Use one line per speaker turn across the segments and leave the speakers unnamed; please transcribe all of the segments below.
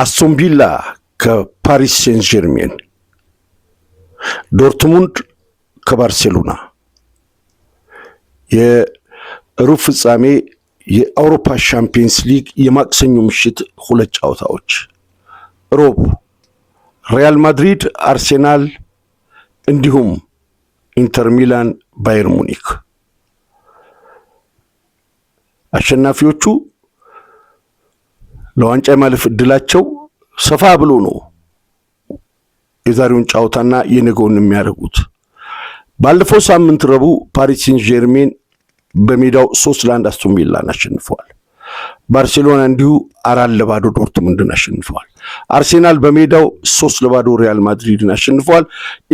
አስቶን ቪላ ከፓሪስ ሴን ጀርሜን፣ ዶርትሙንድ ከባርሴሎና የሩብ ፍጻሜ የአውሮፓ ሻምፒየንስ ሊግ የማክሰኞ ምሽት ሁለት ጨዋታዎች ሮብ ሪያል ማድሪድ አርሴናል፣ እንዲሁም ኢንተር ሚላን ባየር ሙኒክ አሸናፊዎቹ ለዋንጫ የማለፍ እድላቸው ሰፋ ብሎ ነው የዛሬውን ጨዋታና የነገውን የሚያደርጉት። ባለፈው ሳምንት ረቡዕ ፓሪስ ሴን ጀርሜን በሜዳው ሶስት ለአንድ አስቶን ቪላን አሸንፈዋል። ባርሴሎና እንዲሁ አራት ለባዶ ዶርትሙንድን አሸንፈዋል። አርሴናል በሜዳው ሶስት ለባዶ ሪያል ማድሪድን አሸንፈዋል።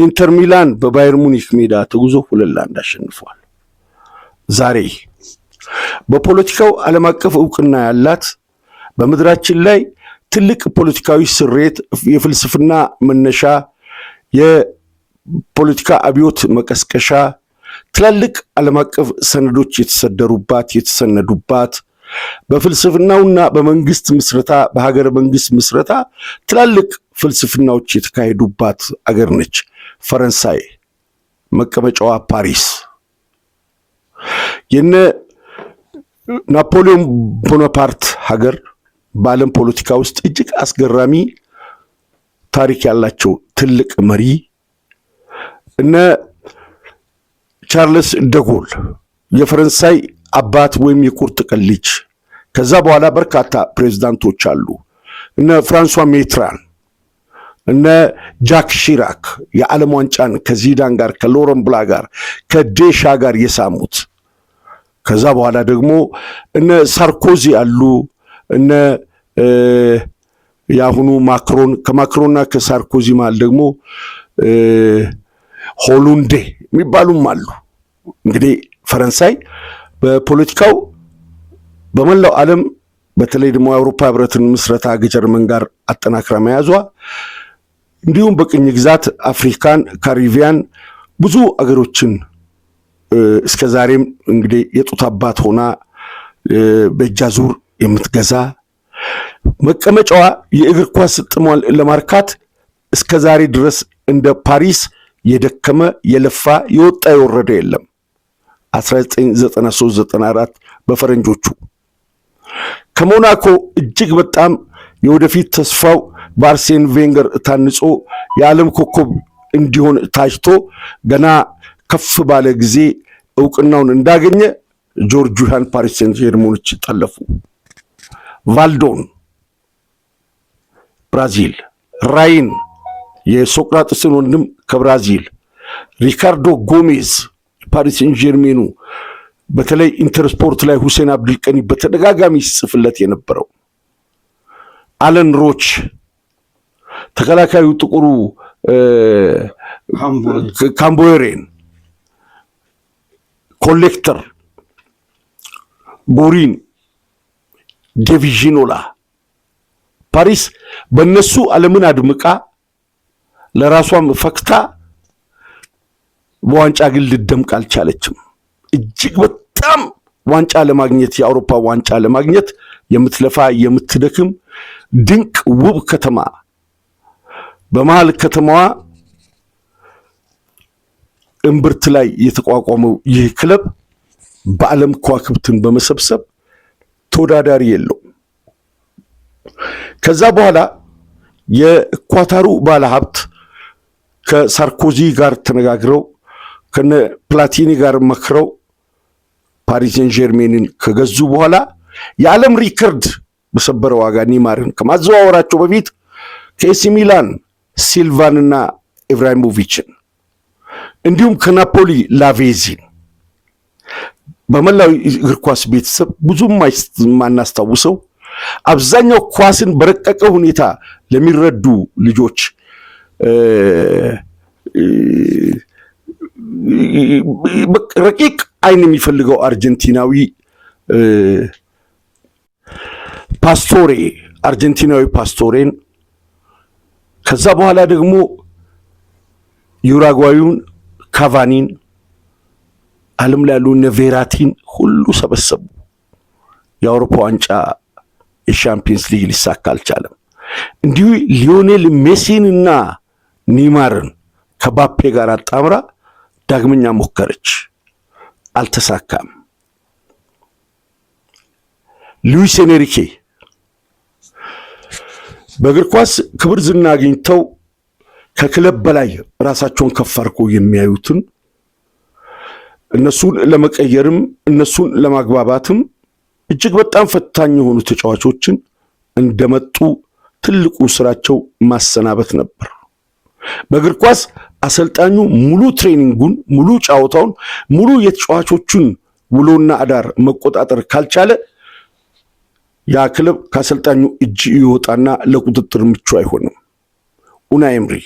ኢንተር ሚላን በባየር ሙኒክ ሜዳ ተጉዞ ሁለት ለአንድ አሸንፈዋል። ዛሬ በፖለቲካው ዓለም አቀፍ እውቅና ያላት በምድራችን ላይ ትልቅ ፖለቲካዊ ስሬት፣ የፍልስፍና መነሻ፣ የፖለቲካ አብዮት መቀስቀሻ፣ ትላልቅ ዓለም አቀፍ ሰነዶች የተሰደሩባት የተሰነዱባት በፍልስፍናውና በመንግስት ምስረታ በሀገረ መንግስት ምስረታ ትላልቅ ፍልስፍናዎች የተካሄዱባት አገር ነች ፈረንሳይ፣ መቀመጫዋ ፓሪስ። የነ ናፖሊዮን ቦናፓርት ሀገር በዓለም ፖለቲካ ውስጥ እጅግ አስገራሚ ታሪክ ያላቸው ትልቅ መሪ እነ ቻርልስ ደጎል የፈረንሳይ አባት ወይም የቁርጥ ቀን ልጅ። ከዛ በኋላ በርካታ ፕሬዚዳንቶች አሉ። እነ ፍራንሷ ሜትራን፣ እነ ጃክ ሺራክ የዓለም ዋንጫን ከዚዳን ጋር ከሎረን ብላ ጋር ከዴሻ ጋር የሳሙት። ከዛ በኋላ ደግሞ እነ ሳርኮዚ አሉ እነ የአሁኑ ማክሮን ከማክሮንና ከሳርኮዚ መሃል ደግሞ ሆሉንዴ የሚባሉም አሉ። እንግዲህ ፈረንሳይ በፖለቲካው በመላው ዓለም በተለይ ደግሞ የአውሮፓ ህብረትን ምስረታ ከጀርመን ጋር አጠናክራ መያዟ እንዲሁም በቅኝ ግዛት አፍሪካን፣ ካሪቢያን ብዙ አገሮችን እስከ ዛሬም እንግዲህ የጡት አባት ሆና በእጃ ዙር የምትገዛ መቀመጫዋ የእግር ኳስ ጥሟን ለማርካት እስከ ዛሬ ድረስ እንደ ፓሪስ የደከመ የለፋ የወጣ የወረደ የለም። 1993/94 በፈረንጆቹ ከሞናኮ እጅግ በጣም የወደፊት ተስፋው በአርሴን ቬንገር ታንጾ የዓለም ኮከብ እንዲሆን ታጭቶ ገና ከፍ ባለ ጊዜ እውቅናውን እንዳገኘ ጆርጅ ዩሃን ፓሪስ ሴንት ጀርመኖች ጠለፉ። ቫልዶን ብራዚል፣ ራይን የሶቅራጥስን ወንድም ከብራዚል፣ ሪካርዶ ጎሜዝ ፓሪስ ኢንጀርሜኑ በተለይ ኢንተርስፖርት ላይ ሁሴን አብዱልቀኒ በተደጋጋሚ ሲጽፍለት የነበረው አለን ሮች ተከላካዩ ጥቁሩ ካምቦሬን ኮሌክተር ቦሪን ዴቪዥኖላ ፓሪስ በእነሱ ዓለምን አድምቃ ለራሷም ፈክታ በዋንጫ ግን ልደምቅ አልቻለችም። እጅግ በጣም ዋንጫ ለማግኘት የአውሮፓ ዋንጫ ለማግኘት የምትለፋ የምትደክም ድንቅ ውብ ከተማ በመሀል ከተማዋ እምብርት ላይ የተቋቋመው ይህ ክለብ በዓለም ከዋክብትን በመሰብሰብ ተወዳዳሪ የለው። ከዛ በኋላ የኳታሩ ባለሀብት ከሳርኮዚ ጋር ተነጋግረው ከነ ፕላቲኒ ጋር መክረው ፓሪሴን ጀርሜንን ከገዙ በኋላ የዓለም ሪከርድ በሰበረ ዋጋ ኒማርን ከማዘዋወራቸው በፊት ከኤሲ ሚላን ሲልቫንና ኢብራሂሞቪችን እንዲሁም ከናፖሊ ላቬዚን በመላው እግር ኳስ ቤተሰብ ብዙም ማናስታውሰው አብዛኛው ኳስን በረቀቀ ሁኔታ ለሚረዱ ልጆች ረቂቅ አይን የሚፈልገው አርጀንቲናዊ ፓስቶሬ አርጀንቲናዊ ፓስቶሬን ከዛ በኋላ ደግሞ ዩራጓዩን ካቫኒን ዓለም ላይ ያሉ ቬራቲን ሁሉ ሰበሰቡ። የአውሮፓ ዋንጫ የሻምፒየንስ ሊግ ሊሳካ አልቻለም። እንዲሁ ሊዮኔል ሜሲን እና ኒማርን ከባፔ ጋር አጣምራ ዳግመኛ ሞከረች፣ አልተሳካም። ሉዊስ ኤንሪኬ በእግር ኳስ ክብር ዝና አግኝተው ከክለብ በላይ ራሳቸውን ከፍ አድርጎ የሚያዩትን እነሱን ለመቀየርም እነሱን ለማግባባትም እጅግ በጣም ፈታኝ የሆኑ ተጫዋቾችን እንደመጡ ትልቁ ስራቸው ማሰናበት ነበር። በእግር ኳስ አሰልጣኙ ሙሉ ትሬኒንጉን፣ ሙሉ ጨዋታውን፣ ሙሉ የተጫዋቾቹን ውሎና አዳር መቆጣጠር ካልቻለ ያ ክለብ ከአሰልጣኙ እጅ ይወጣና ለቁጥጥር ምቹ አይሆንም። ኡናይ ኤምሪ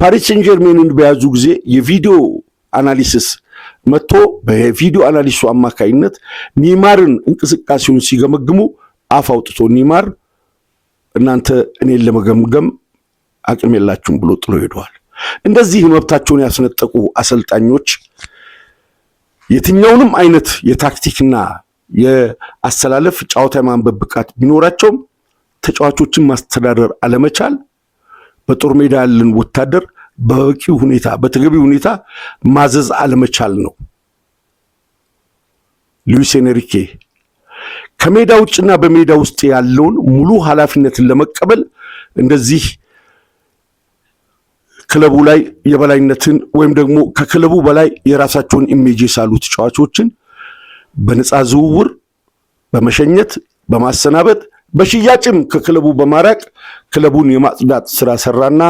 ፓሪስ ሴንጀርሜንን በያዙ ጊዜ የቪዲዮ አናሊሲስ መጥቶ በቪዲዮ አናሊስቱ አማካኝነት ኒማርን እንቅስቃሴውን ሲገመግሙ አፍ አውጥቶ ኒማር እናንተ እኔን ለመገምገም አቅም የላችሁም ብሎ ጥሎ ሄደዋል። እንደዚህ መብታቸውን ያስነጠቁ አሰልጣኞች የትኛውንም አይነት የታክቲክና የአሰላለፍ ጨዋታ የማንበብ ብቃት ቢኖራቸውም ተጫዋቾችን ማስተዳደር አለመቻል በጦር ሜዳ ያለን ወታደር በበቂ ሁኔታ በተገቢ ሁኔታ ማዘዝ አለመቻል ነው። ሉዊስ ኤንሪኬ ከሜዳ ውጭና በሜዳ ውስጥ ያለውን ሙሉ ኃላፊነትን ለመቀበል እንደዚህ ክለቡ ላይ የበላይነትን ወይም ደግሞ ከክለቡ በላይ የራሳቸውን ኢሜጅ የሳሉ ተጫዋቾችን በነፃ ዝውውር በመሸኘት በማሰናበት በሽያጭም ከክለቡ በማራቅ ክለቡን የማጽዳት ስራ ሰራና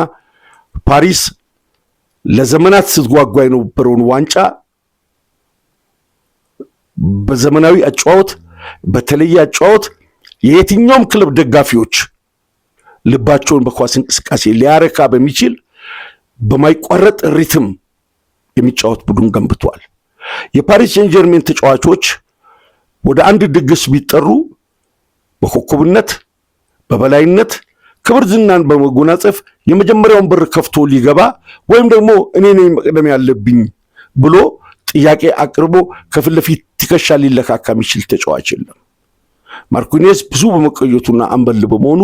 ፓሪስ ለዘመናት ስትጓጓ የነበረውን ዋንጫ በዘመናዊ አጫወት በተለየ አጫወት የየትኛውም ክለብ ደጋፊዎች ልባቸውን በኳስ እንቅስቃሴ ሊያረካ በሚችል በማይቋረጥ ሪትም የሚጫወት ቡድን ገንብቷል። የፓሪስ ሴን ጀርሜን ተጫዋቾች ወደ አንድ ድግስ ቢጠሩ በኮከብነት በበላይነት ክብር ዝናን በመጎናጸፍ የመጀመሪያውን በር ከፍቶ ሊገባ ወይም ደግሞ እኔ ነኝ መቅደም ያለብኝ ብሎ ጥያቄ አቅርቦ ከፊት ለፊት ትከሻ ሊለካካ የሚችል ተጫዋች የለም። ማርኩኔስ ብዙ በመቀየቱና አንበል በመሆኑ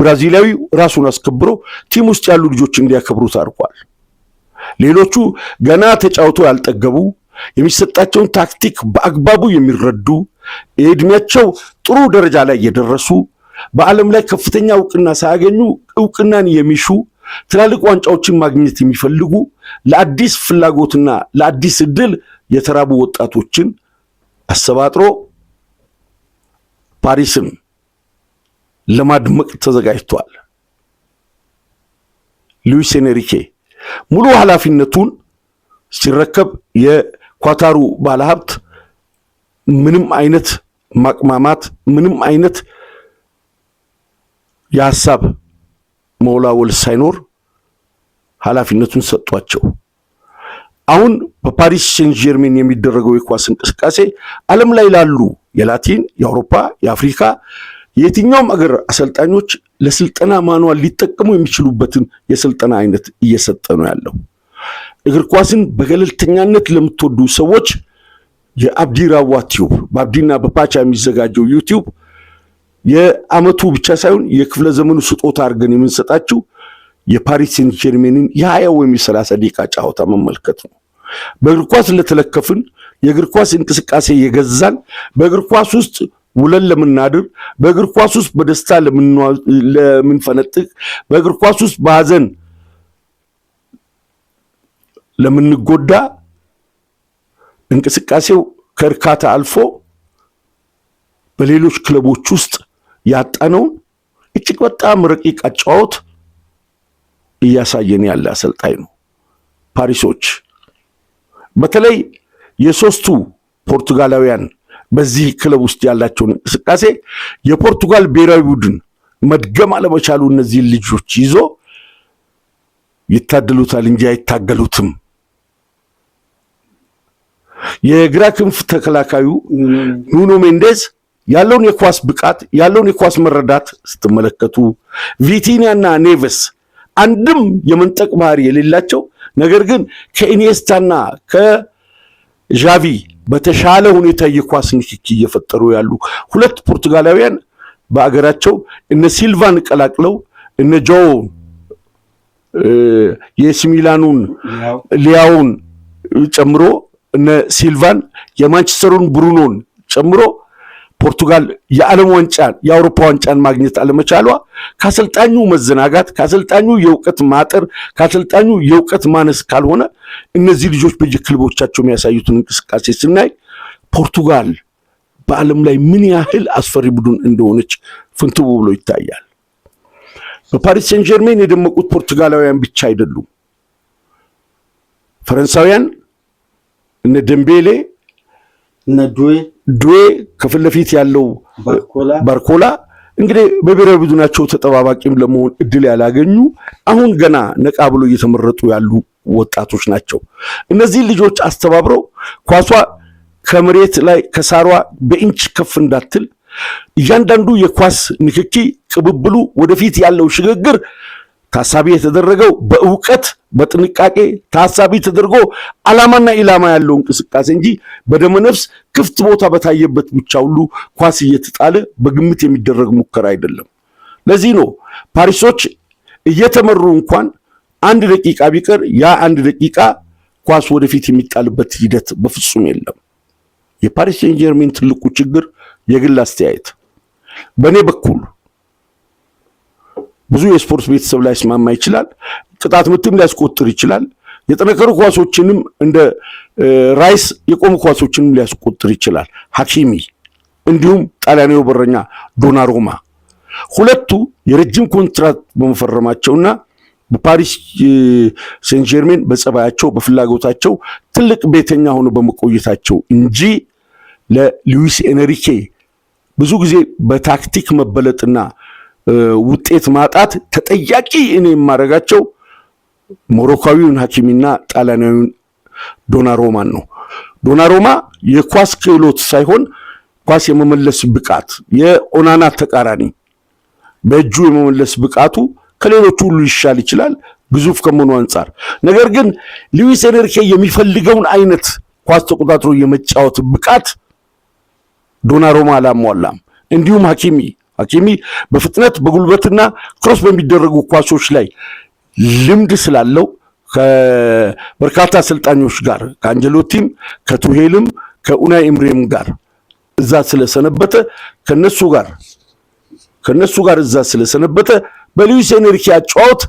ብራዚላዊ ራሱን አስከብሮ ቲም ውስጥ ያሉ ልጆች እንዲያከብሩት አድርጓል። ሌሎቹ ገና ተጫውተው ያልጠገቡ የሚሰጣቸውን ታክቲክ በአግባቡ የሚረዱ የዕድሜያቸው ጥሩ ደረጃ ላይ የደረሱ በዓለም ላይ ከፍተኛ እውቅና ሳያገኙ እውቅናን የሚሹ ትላልቅ ዋንጫዎችን ማግኘት የሚፈልጉ ለአዲስ ፍላጎትና ለአዲስ እድል የተራቡ ወጣቶችን አሰባጥሮ ፓሪስን ለማድመቅ ተዘጋጅቷል። ሉዊስ ኤንሪኬ ሙሉ ኃላፊነቱን ሲረከብ የኳታሩ ባለሀብት ምንም አይነት ማቅማማት፣ ምንም አይነት የሀሳብ መወላወል ሳይኖር ኃላፊነቱን ሰጧቸው። አሁን በፓሪስ ሴን ጀርሜን የሚደረገው የኳስ እንቅስቃሴ ዓለም ላይ ላሉ የላቲን፣ የአውሮፓ፣ የአፍሪካ የትኛውም አገር አሰልጣኞች ለስልጠና ማኗል ሊጠቀሙ የሚችሉበትን የስልጠና አይነት እየሰጠ ነው ያለው። እግር ኳስን በገለልተኛነት ለምትወዱ ሰዎች የአብዲ ራዋ ቲዩብ በአብዲና በፓቻ የሚዘጋጀው ዩቲዩብ የአመቱ ብቻ ሳይሆን የክፍለ ዘመኑ ስጦታ አድርገን የምንሰጣችው የፓሪስ ሴንት ጀርሜንን የሀያ ወይም የሰላሳ ደቂቃ ጨዋታ መመልከት ነው። በእግር ኳስ ለተለከፍን የእግር ኳስ እንቅስቃሴ የገዛን በእግር ኳስ ውስጥ ውለን ለምናድር በእግር ኳስ ውስጥ በደስታ ለምንፈነጥቅ በእግር ኳስ ውስጥ በሀዘን ለምንጎዳ እንቅስቃሴው ከእርካታ አልፎ በሌሎች ክለቦች ውስጥ ያጣነውን እጅግ በጣም ረቂቅ አጨዋወት እያሳየን ያለ አሰልጣኝ ነው። ፓሪሶች በተለይ የሶስቱ ፖርቱጋላውያን በዚህ ክለብ ውስጥ ያላቸውን እንቅስቃሴ የፖርቱጋል ብሔራዊ ቡድን መድገም አለመቻሉ እነዚህን ልጆች ይዞ ይታደሉታል እንጂ አይታገሉትም። የግራ ክንፍ ተከላካዩ ኑኖ ሜንዴዝ ያለውን የኳስ ብቃት ያለውን የኳስ መረዳት ስትመለከቱ ቪቲኒያና ኔቨስ አንድም የመንጠቅ ባህሪ የሌላቸው ነገር ግን ከኢኒየስታና ከዣቪ በተሻለ ሁኔታ የኳስ ንክኪ እየፈጠሩ ያሉ ሁለት ፖርቱጋላውያን በአገራቸው እነ ሲልቫን ቀላቅለው እነ ጆውን የሲሚላኑን ሚላኑን ሊያውን ጨምሮ እነ ሲልቫን የማንቸስተሩን ብሩኖን ጨምሮ ፖርቱጋል የዓለም ዋንጫን የአውሮፓ ዋንጫን ማግኘት አለመቻሏ ከአሰልጣኙ መዘናጋት፣ ከአሰልጣኙ የእውቀት ማጠር፣ ከአሰልጣኙ የእውቀት ማነስ ካልሆነ እነዚህ ልጆች በየክለቦቻቸው የሚያሳዩትን እንቅስቃሴ ስናይ ፖርቱጋል በዓለም ላይ ምን ያህል አስፈሪ ቡድን እንደሆነች ፍንትው ብሎ ይታያል። በፓሪስ ሴን ጀርሜን የደመቁት ፖርቱጋላውያን ብቻ አይደሉም። ፈረንሳውያን እነ ደምቤሌ ዱዌ ከፊት ለፊት ያለው ባርኮላ እንግዲህ በብሔራዊ ቡድናቸው ተጠባባቂም ለመሆን እድል ያላገኙ አሁን ገና ነቃ ብሎ እየተመረጡ ያሉ ወጣቶች ናቸው። እነዚህ ልጆች አስተባብረው ኳሷ ከመሬት ላይ ከሳሯ በኢንች ከፍ እንዳትል እያንዳንዱ የኳስ ንክኪ ቅብብሉ፣ ወደፊት ያለው ሽግግር ታሳቢ የተደረገው በእውቀት በጥንቃቄ ታሳቢ ተደርጎ ዓላማና ኢላማ ያለው እንቅስቃሴ እንጂ በደመነፍስ ክፍት ቦታ በታየበት ብቻ ሁሉ ኳስ እየተጣለ በግምት የሚደረግ ሙከራ አይደለም። ለዚህ ነው ፓሪሶች እየተመሩ እንኳን አንድ ደቂቃ ቢቀር ያ አንድ ደቂቃ ኳስ ወደፊት የሚጣልበት ሂደት በፍጹም የለም። የፓሪስ ሴንት ጀርሜን ትልቁ ችግር የግል አስተያየት በእኔ በኩል ብዙ የስፖርት ቤተሰብ ላይ ስማማ ይችላል። ቅጣት ምትም ሊያስቆጥር ይችላል። የጠነከሩ ኳሶችንም እንደ ራይስ የቆሙ ኳሶችንም ሊያስቆጥር ይችላል። ሀኪሚ እንዲሁም ጣሊያናዊ በረኛ ዶናሩማ ሁለቱ የረጅም ኮንትራት በመፈረማቸውና በፓሪስ ሴንት ጀርሜን በጸባያቸው በፍላጎታቸው ትልቅ ቤተኛ ሆኖ በመቆየታቸው እንጂ ለሉዊስ ኤንሪኬ ብዙ ጊዜ በታክቲክ መበለጥና ውጤት ማጣት ተጠያቂ እኔ የማደርጋቸው ሞሮካዊውን ሐኪሚና ጣሊያናዊውን ዶናሮማን ነው። ዶናሮማ የኳስ ክህሎት ሳይሆን ኳስ የመመለስ ብቃት የኦናና ተቃራኒ በእጁ የመመለስ ብቃቱ ከሌሎቹ ሁሉ ይሻል ይችላል ግዙፍ ከመሆኑ አንጻር። ነገር ግን ሉዊስ ኤንሪኬ የሚፈልገውን አይነት ኳስ ተቆጣጥሮ የመጫወት ብቃት ዶናሮማ አላሟላም። እንዲሁም ሐኪሚ ሀኪሚ በፍጥነት በጉልበትና ክሮስ በሚደረጉ ኳሶች ላይ ልምድ ስላለው ከበርካታ አሰልጣኞች ጋር ከአንጀሎቲም ከቱሄልም ከኡናይ ኤምሬም ጋር እዛ ስለሰነበተ ከነሱ ጋር ከነሱ ጋር እዛ ስለሰነበተ በሉዊስ ኤንሪኬ አጨዋወት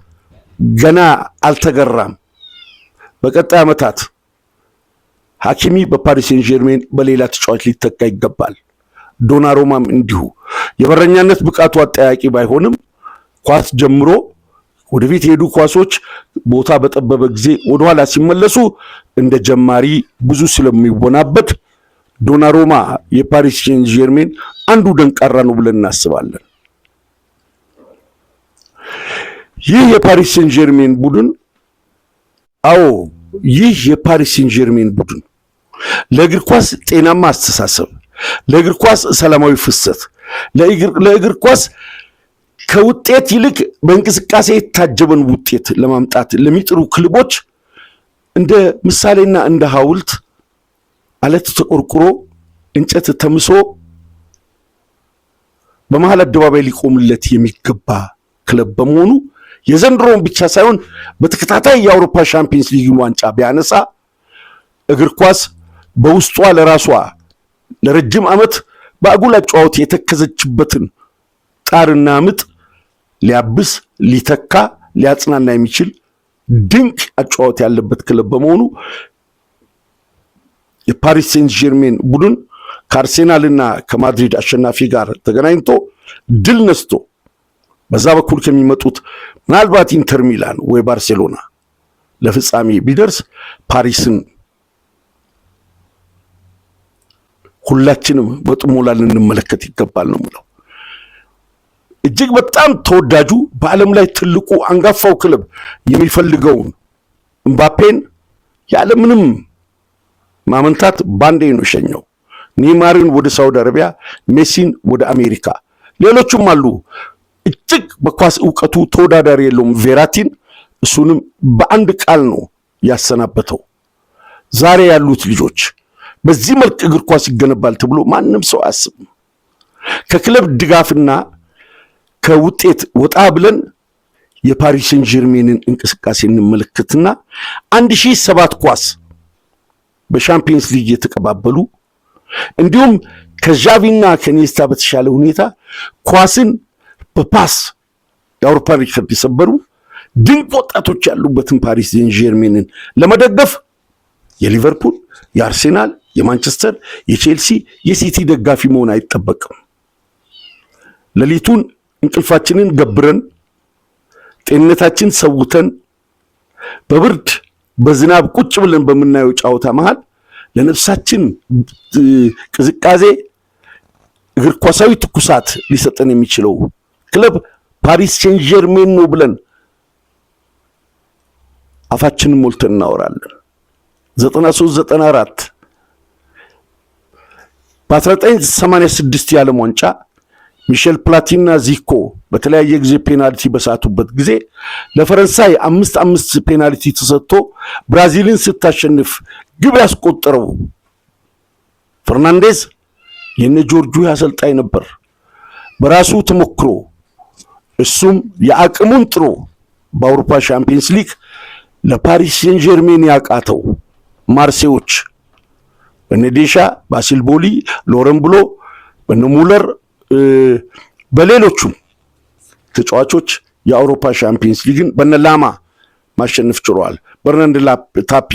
ገና አልተገራም። በቀጣይ ዓመታት ሀኪሚ በፓሪስ ሴን ጀርሜን በሌላ ተጫዋች ሊተካ ይገባል። ዶናሮማም እንዲሁ የበረኛነት ብቃቱ አጠያቂ ባይሆንም ኳስ ጀምሮ ወደፊት የሄዱ ኳሶች ቦታ በጠበበ ጊዜ ወደኋላ ሲመለሱ እንደ ጀማሪ ብዙ ስለሚወናበት ዶናሮማ የፓሪስ ሴን ጀርሜን አንዱ ደንቃራ ነው ብለን እናስባለን። ይህ የፓሪስ ሴን ጀርሜን ቡድን አዎ፣ ይህ የፓሪስ ሴን ጀርሜን ቡድን ለእግር ኳስ ጤናማ አስተሳሰብ ለእግር ኳስ ሰላማዊ ፍሰት፣ ለእግር ኳስ ከውጤት ይልቅ በእንቅስቃሴ የታጀበን ውጤት ለማምጣት ለሚጥሩ ክለቦች እንደ ምሳሌና እንደ ሐውልት አለት ተቆርቁሮ እንጨት ተምሶ በመሀል አደባባይ ሊቆምለት የሚገባ ክለብ በመሆኑ የዘንድሮውን ብቻ ሳይሆን በተከታታይ የአውሮፓ ሻምፒየንስ ሊግን ዋንጫ ቢያነሳ እግር ኳስ በውስጧ ለራሷ ለረጅም ዓመት በአጉል አጨዋወት የተከዘችበትን ጣርና ምጥ ሊያብስ፣ ሊተካ፣ ሊያጽናና የሚችል ድንቅ አጨዋወት ያለበት ክለብ በመሆኑ የፓሪስ ሴንት ጀርሜን ቡድን ከአርሴናልና ከማድሪድ አሸናፊ ጋር ተገናኝቶ ድል ነስቶ በዛ በኩል ከሚመጡት ምናልባት ኢንተር ሚላን ወይ ባርሴሎና ለፍጻሜ ቢደርስ ፓሪስን ሁላችንም በጥሞላ ልንመለከት ይገባል ነው ምለው። እጅግ በጣም ተወዳጁ በዓለም ላይ ትልቁ አንጋፋው ክለብ የሚፈልገውን እምባፔን ያለምንም ማመንታት ባንዴ ነው ሸኘው። ኔይማርን ወደ ሳውዲ አረቢያ፣ ሜሲን ወደ አሜሪካ፣ ሌሎቹም አሉ። እጅግ በኳስ እውቀቱ ተወዳዳሪ የለውም ቬራቲን። እሱንም በአንድ ቃል ነው ያሰናበተው። ዛሬ ያሉት ልጆች በዚህ መልክ እግር ኳስ ይገነባል ተብሎ ማንም ሰው አያስብም። ከክለብ ድጋፍና ከውጤት ወጣ ብለን የፓሪስ ሴን ጀርሜንን እንቅስቃሴ እንመለከትና አንድ ሺህ ሰባት ኳስ በሻምፒየንስ ሊግ የተቀባበሉ እንዲሁም ከዣቪና ከኔስታ በተሻለ ሁኔታ ኳስን በፓስ የአውሮፓ ሪከርድ የሰበሩ ድንቅ ወጣቶች ያሉበትን ፓሪስ ሴን ጀርሜንን ለመደገፍ የሊቨርፑል፣ የአርሴናል፣ የማንቸስተር የቼልሲ የሲቲ ደጋፊ መሆን አይጠበቅም። ሌሊቱን እንቅልፋችንን ገብረን ጤንነታችን ሰውተን በብርድ በዝናብ ቁጭ ብለን በምናየው ጨዋታ መሃል ለነፍሳችን ቅዝቃዜ እግር ኳሳዊ ትኩሳት ሊሰጠን የሚችለው ክለብ ፓሪስ ሴን ጀርሜን ነው ብለን አፋችንን ሞልተን እናወራለን። ዘጠና አራት በ1986 የዓለም ዋንጫ ሚሼል ፕላቲና ዚኮ በተለያየ ጊዜ ፔናልቲ በሳቱበት ጊዜ ለፈረንሳይ አምስት አምስት ፔናልቲ ተሰጥቶ ብራዚልን ስታሸንፍ ግብ ያስቆጠረው ፈርናንዴዝ የነ ጆርጁ አሰልጣኝ ነበር። በራሱ ተሞክሮ እሱም የአቅሙን ጥሮ በአውሮፓ ሻምፒየንስ ሊግ ለፓሪስ ሴን ጀርሜን ያቃተው ማርሴዎች በነዴሻ ባሲልቦሊ ባሲል ቦሊ፣ ሎረን ብሎ፣ በነሙለር ሙለር በሌሎቹም ተጫዋቾች የአውሮፓ ሻምፒየንስ ሊግን በነላማ ማሸነፍ ችለዋል። በርናንድ ታፒ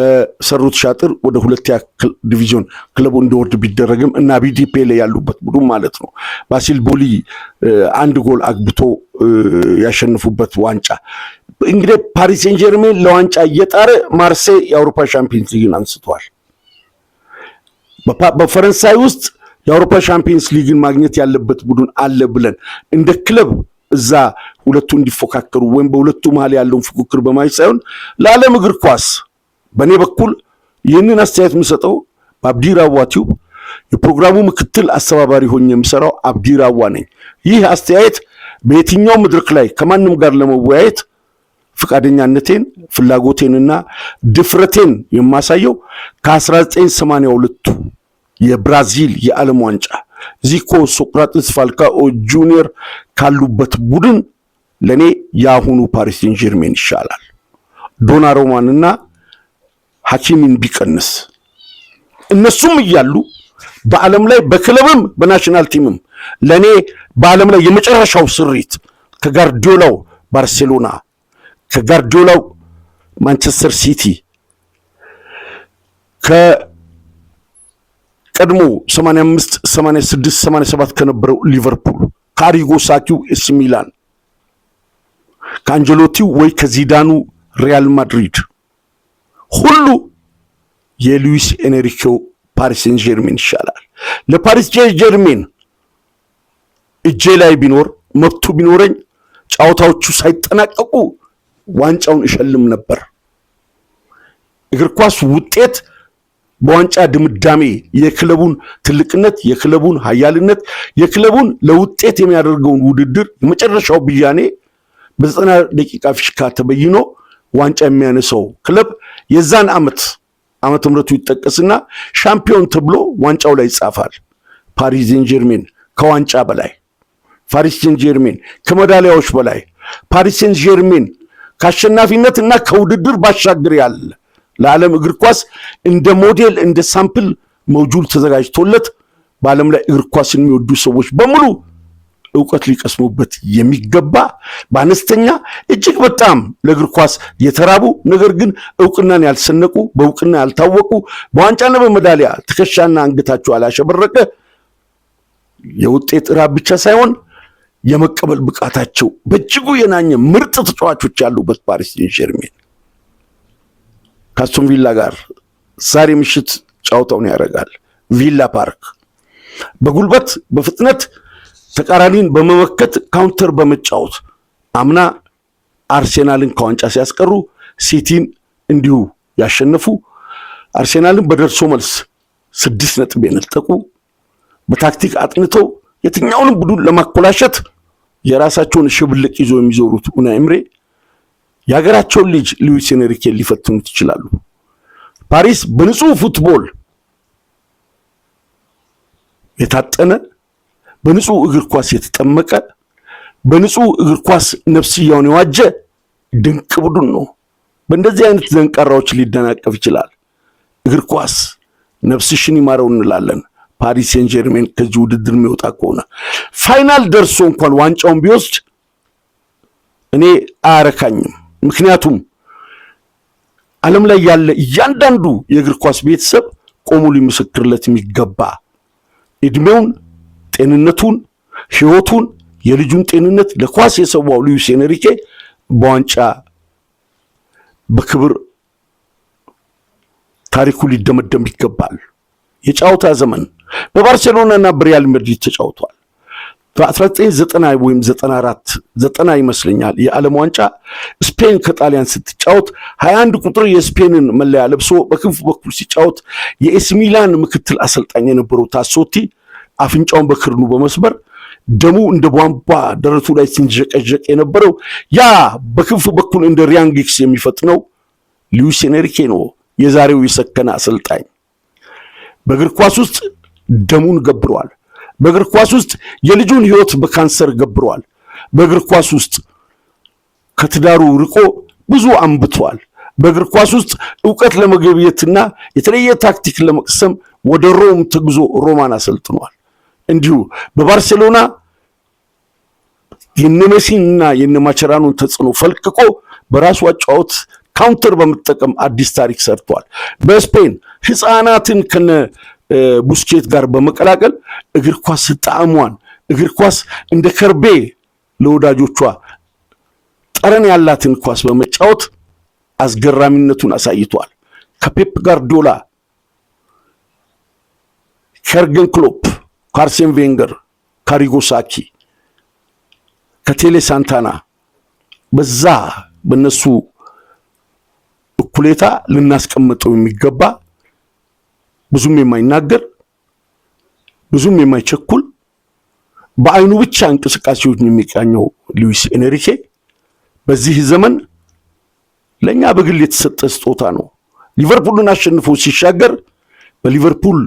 በሰሩት ሻጥር ወደ ሁለተኛ ዲቪዥን ክለቡ እንዲወርድ ቢደረግም እና ቢዲፔ ላይ ያሉበት ቡድን ማለት ነው። ባሲል ቦሊ አንድ ጎል አግብቶ ያሸንፉበት ዋንጫ እንግዲህ ፓሪስ ሴን ጀርሜን ለዋንጫ እየጣረ ማርሴ የአውሮፓ ሻምፒዮንስ ሊግን አንስተዋል። በፈረንሳይ ውስጥ የአውሮፓ ሻምፒዮንስ ሊግን ማግኘት ያለበት ቡድን አለ ብለን እንደ ክለብ እዛ ሁለቱ እንዲፎካከሩ ወይም በሁለቱ መሀል ያለውን ፉክክር በማየት ሳይሆን ለዓለም እግር ኳስ በእኔ በኩል ይህንን አስተያየት የምሰጠው በአብዲ ራዋ ቲዩብ የፕሮግራሙ ምክትል አስተባባሪ ሆኜ የምሰራው አብዲ ራዋ ነኝ። ይህ አስተያየት በየትኛው መድረክ ላይ ከማንም ጋር ለመወያየት ፈቃደኛነቴን ፍላጎቴንና ድፍረቴን የማሳየው ከ1982ቱ የብራዚል የዓለም ዋንጫ ዚኮ፣ ሶቅራጥስ፣ ፋልካኦ ጁኒየር ካሉበት ቡድን ለእኔ የአሁኑ ፓሪስ ሴን ጀርሜን ይሻላል። ዶናሩማንና ሀኪምን ቢቀንስ እነሱም እያሉ በዓለም ላይ በክለብም በናሽናል ቲምም ለእኔ በዓለም ላይ የመጨረሻው ስሪት ከጋርዲዮላው ባርሴሎና ከጋርዲዮላው ማንቸስተር ሲቲ ከቀድሞ 85 86 87 ከነበረው ሊቨርፑል ከአሪጎ ሳኪው ኤሲ ሚላን ከአንጀሎቲው ወይ ከዚዳኑ ሪያል ማድሪድ ሁሉ የሉዊስ ኤንሪቾ ፓሪስን ጀርሜን ይሻላል። ለፓሪስ ጀርሜን እጄ ላይ ቢኖር መብቱ ቢኖረኝ ጨዋታዎቹ ሳይጠናቀቁ ዋንጫውን እሸልም ነበር። እግር ኳስ ውጤት በዋንጫ ድምዳሜ የክለቡን ትልቅነት፣ የክለቡን ኃያልነት፣ የክለቡን ለውጤት የሚያደርገውን ውድድር የመጨረሻው ብያኔ በዘጠና ደቂቃ ፊሽካ ተበይኖ ዋንጫ የሚያነሳው ክለብ የዛን ዓመት አመት ምረቱ ይጠቀስና ሻምፒዮን ተብሎ ዋንጫው ላይ ይጻፋል። ፓሪስ ሴን ጀርሜን ከዋንጫ በላይ ፓሪስ ሴን ጀርሜን ከመዳሊያዎች በላይ ፓሪስ ሴን ጀርሜን ከአሸናፊነት እና ከውድድር ባሻገር ያለ ለዓለም እግር ኳስ እንደ ሞዴል እንደ ሳምፕል መውጁል ተዘጋጅቶለት በዓለም ላይ እግር ኳስን የሚወዱ ሰዎች በሙሉ እውቀት ሊቀስሙበት የሚገባ በአነስተኛ እጅግ በጣም ለእግር ኳስ የተራቡ ነገር ግን እውቅናን ያልሰነቁ በእውቅና ያልታወቁ በዋንጫና በመዳሊያ ትከሻና አንገታቸው አላሸበረቀ የውጤት ራብ ብቻ ሳይሆን የመቀበል ብቃታቸው በእጅጉ የናኘ ምርጥ ተጫዋቾች ያሉበት ፓሪስ ሴን ዠርሜን ቪላ ጋር ዛሬ ምሽት ጨዋታውን ያደርጋል። ቪላ ፓርክ በጉልበት በፍጥነት ተቃራኒን በመመከት ካውንተር በመጫወት አምና አርሴናልን ከዋንጫ ሲያስቀሩ ሲቲን እንዲሁ ያሸነፉ አርሴናልን በደርሶ መልስ ስድስት ነጥብ የነጠቁ በታክቲክ አጥንተው የትኛውንም ቡድን ለማኮላሸት የራሳቸውን ሽብልቅ ይዞ የሚዞሩት ኡናይ ኤምሬ የሀገራቸውን ልጅ ሉዊስ ኤንሪኬን ሊፈትኑት ይችላሉ። ፓሪስ በንጹህ ፉትቦል የታጠነ በንጹህ እግር ኳስ የተጠመቀ በንጹህ እግር ኳስ ነፍስያውን የዋጀ ድንቅ ቡድን ነው። በእንደዚህ አይነት ዘንቀራዎች ሊደናቀፍ ይችላል። እግር ኳስ ነፍስሽን ይማረው እንላለን። ፓሪስ ሴን ጀርሜን ከዚህ ውድድር የሚወጣ ከሆነ ፋይናል ደርሶ እንኳን ዋንጫውን ቢወስድ እኔ አያረካኝም። ምክንያቱም ዓለም ላይ ያለ እያንዳንዱ የእግር ኳስ ቤተሰብ ቆሞ ሊመሰክርለት የሚገባ እድሜውን። ጤንነቱን፣ ህይወቱን፣ የልጁን ጤንነት ለኳስ የሰዋው ሉዊስ ኤንሪኬ በዋንጫ በክብር ታሪኩ ሊደመደም ይገባል። የጨዋታ ዘመን በባርሴሎናና በሪያል ማድሪድ ተጫውቷል። በ1990 ወይም 94 ዘጠና ይመስለኛል የዓለም ዋንጫ ስፔን ከጣሊያን ስትጫወት 21 ቁጥር የስፔንን መለያ ለብሶ በክንፍ በኩል ሲጫወት የኤሲ ሚላን ምክትል አሰልጣኝ የነበረው ታሶቲ አፍንጫውን በክርኑ በመስበር ደሙ እንደ ቧንቧ ደረቱ ላይ ሲንጀቀጀቅ የነበረው ያ በክንፍ በኩል እንደ ሪያንጊክስ የሚፈጥነው ሉዊስ ኤንሪኬ ነው። የዛሬው የሰከነ አሰልጣኝ በእግር ኳስ ውስጥ ደሙን ገብሯል። በእግር ኳስ ውስጥ የልጁን ሕይወት በካንሰር ገብሯል። በእግር ኳስ ውስጥ ከትዳሩ ርቆ ብዙ አንብቷል። በእግር ኳስ ውስጥ እውቀት ለመገብየትና የተለየ ታክቲክ ለመቅሰም ወደ ሮም ተጉዞ ሮማን አሰልጥኗል። እንዲሁ በባርሴሎና የነሜሲንና የነማቸራኑን ተጽዕኖ ፈልቅቆ በራሱ አጫወት ካውንተር በመጠቀም አዲስ ታሪክ ሰርቷል። በስፔን ህፃናትን ከነ ቡስኬት ጋር በመቀላቀል እግር ኳስ ጣዕሟን እግር ኳስ እንደ ከርቤ ለወዳጆቿ ጠረን ያላትን ኳስ በመጫወት አስገራሚነቱን አሳይቷል። ከፔፕ ጋርዲዮላ ከርገን ክሎፕ ከአርሴን ቬንገር፣ ከሪጎሳኪ ሳኪ፣ ከቴሌ ሳንታና በዛ በነሱ እኩሌታ ልናስቀምጠው የሚገባ ብዙም የማይናገር ብዙም የማይቸኩል በአይኑ ብቻ እንቅስቃሴዎች የሚቃኘው ሉዊስ ኤንሪኬ በዚህ ዘመን ለእኛ በግል የተሰጠ ስጦታ ነው። ሊቨርፑልን አሸንፎ ሲሻገር በሊቨርፑል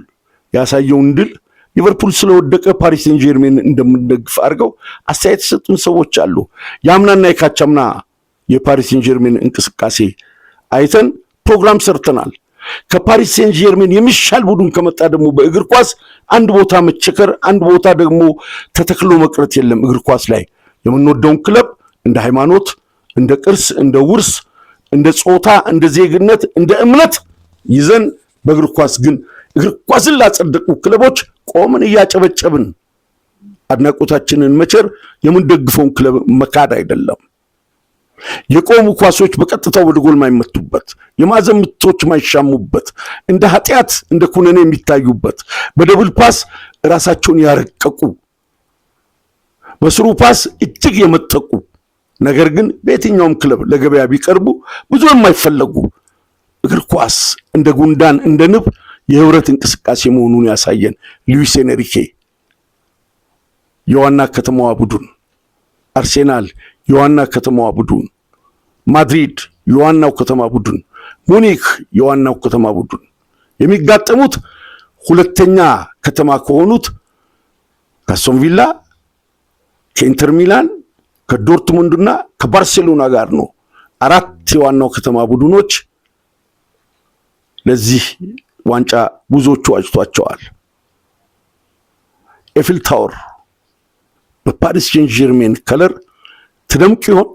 ያሳየውን ድል ሊቨርፑል ስለወደቀ ፓሪስ ሴን ጀርሜን እንደምንደግፍ አድርገው አስተያየት የሰጡን ሰዎች አሉ። የአምናና የካቻምና የፓሪስ ሴን ጀርሜን እንቅስቃሴ አይተን ፕሮግራም ሰርተናል። ከፓሪስ ሴን ጀርሜን የሚሻል ቡድን ከመጣ ደግሞ በእግር ኳስ አንድ ቦታ መቸከር፣ አንድ ቦታ ደግሞ ተተክሎ መቅረት የለም። እግር ኳስ ላይ የምንወደውን ክለብ እንደ ሃይማኖት፣ እንደ ቅርስ፣ እንደ ውርስ፣ እንደ ጾታ፣ እንደ ዜግነት፣ እንደ እምነት ይዘን በእግር ኳስ ግን እግር ኳስን ላጸደቁ ክለቦች ቆምን እያጨበጨብን አድናቆታችንን መቸር የምንደግፈውን ክለብ መካድ አይደለም። የቆሙ ኳሶች በቀጥታ ወደ ጎል ማይመቱበት፣ የማዕዘን ምቶች ማይሻሙበት፣ እንደ ኃጢአት እንደ ኩነኔ የሚታዩበት፣ በደብል ፓስ ራሳቸውን ያረቀቁ፣ በስሩ ፓስ እጅግ የመጠቁ ነገር ግን በየትኛውም ክለብ ለገበያ ቢቀርቡ ብዙ የማይፈለጉ እግር ኳስ እንደ ጉንዳን እንደ ንብ የህብረት እንቅስቃሴ መሆኑን ያሳየን ሉዊስ ኤንሪኬ የዋና ከተማዋ ቡድን፣ አርሴናል የዋና ከተማዋ ቡድን፣ ማድሪድ የዋናው ከተማ ቡድን፣ ሙኒክ የዋናው ከተማ ቡድን የሚጋጠሙት ሁለተኛ ከተማ ከሆኑት ከአስቶን ቪላ፣ ከኢንተር ሚላን፣ ከዶርትሙንድና ከባርሴሎና ጋር ነው። አራት የዋናው ከተማ ቡድኖች ለዚህ ዋንጫ ብዙዎቹ አጭቷቸዋል። ኤፍል ታወር በፓሪስ ሴን ጀርሜን ከለር ትደምቅ ይሆን?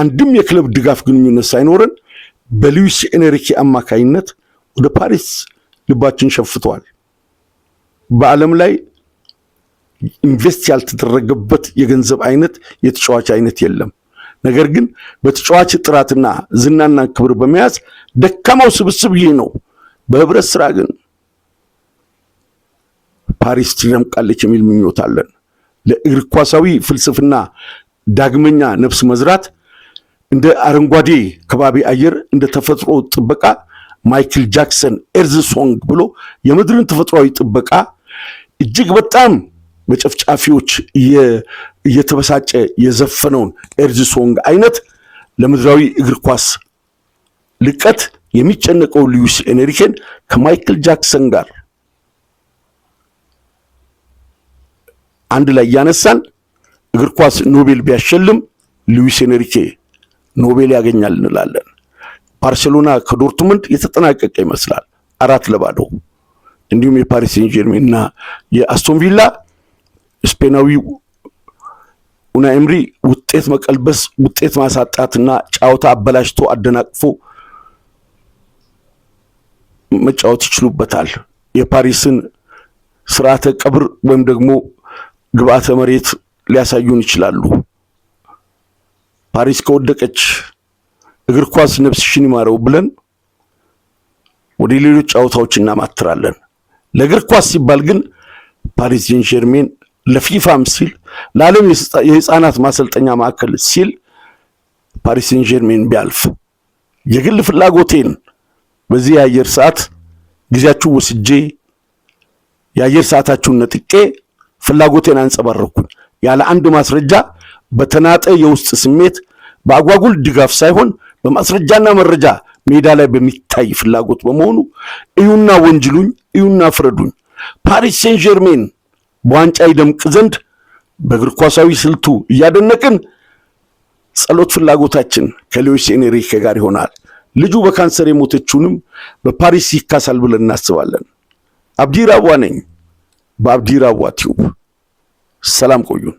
አንድም የክለብ ድጋፍ ግንኙነት ሳይኖረን በሉዊስ ኤንሪኬ አማካኝነት ወደ ፓሪስ ልባችን ሸፍተዋል። በዓለም ላይ ኢንቨስት ያልተደረገበት የገንዘብ አይነት የተጫዋች አይነት የለም። ነገር ግን በተጫዋች ጥራትና ዝናና ክብር በመያዝ ደካማው ስብስብ ይህ ነው። በህብረት ስራ ግን ፓሪስ ትደምቃለች የሚል ምኞት አለን። ለእግር ኳሳዊ ፍልስፍና ዳግመኛ ነፍስ መዝራት እንደ አረንጓዴ ከባቢ አየር፣ እንደ ተፈጥሮ ጥበቃ ማይክል ጃክሰን ኤርዝ ሶንግ ብሎ የምድርን ተፈጥሯዊ ጥበቃ እጅግ በጣም በጨፍጫፊዎች እየተበሳጨ የዘፈነውን ኤርዝ ሶንግ አይነት ለምድራዊ እግር ኳስ ልቀት የሚጨነቀው ሉዊስ ኤንሪኬን ከማይክል ጃክሰን ጋር አንድ ላይ ያነሳን እግር ኳስ ኖቤል ቢያሸልም ሉዊስ ኤንሪኬ ኖቤል ያገኛል እንላለን። ባርሴሎና ከዶርትሙንድ የተጠናቀቀ ይመስላል አራት ለባዶ እንዲሁም የፓሪስ ሴንት ጀርሜን እና የአስቶን ቪላ ስፔናዊው ኡና ኤምሪ ውጤት መቀልበስ ውጤት ማሳጣትና ጨዋታ አበላሽቶ አደናቅፎ መጫወት ይችሉበታል። የፓሪስን ስርዓተ ቀብር ወይም ደግሞ ግብአተ መሬት ሊያሳዩን ይችላሉ። ፓሪስ ከወደቀች እግር ኳስ ነፍስሽን ይማረው ብለን ወደ ሌሎች ጨዋታዎች እናማትራለን። ለእግር ኳስ ሲባል ግን ፓሪስ ሴን ዠርሜን ለፊፋም ሲል ለዓለም የህፃናት ማሰልጠኛ ማዕከል ሲል ፓሪስ ሴን ጀርሜን ቢያልፍ የግል ፍላጎቴን በዚህ የአየር ሰዓት ጊዜያችሁ ወስጄ የአየር ሰዓታችሁን ነጥቄ ፍላጎቴን አንጸባረኩኝ ያለ አንድ ማስረጃ በተናጠ የውስጥ ስሜት በአጓጉል ድጋፍ ሳይሆን በማስረጃና መረጃ ሜዳ ላይ በሚታይ ፍላጎት በመሆኑ እዩና ወንጅሉኝ፣ እዩና ፍረዱኝ። ፓሪስ ሴን ጀርሜን በዋንጫ ይደምቅ ዘንድ በእግር ኳሳዊ ስልቱ እያደነቅን ጸሎት ፍላጎታችን ከሌዊስ ኤንሪኬ ጋር ይሆናል። ልጁ በካንሰር የሞተችውንም በፓሪስ ይካሳል ብለን እናስባለን። አብዲራዋ ነኝ። በአብዲራዋ ቲዩብ ሰላም ቆዩን።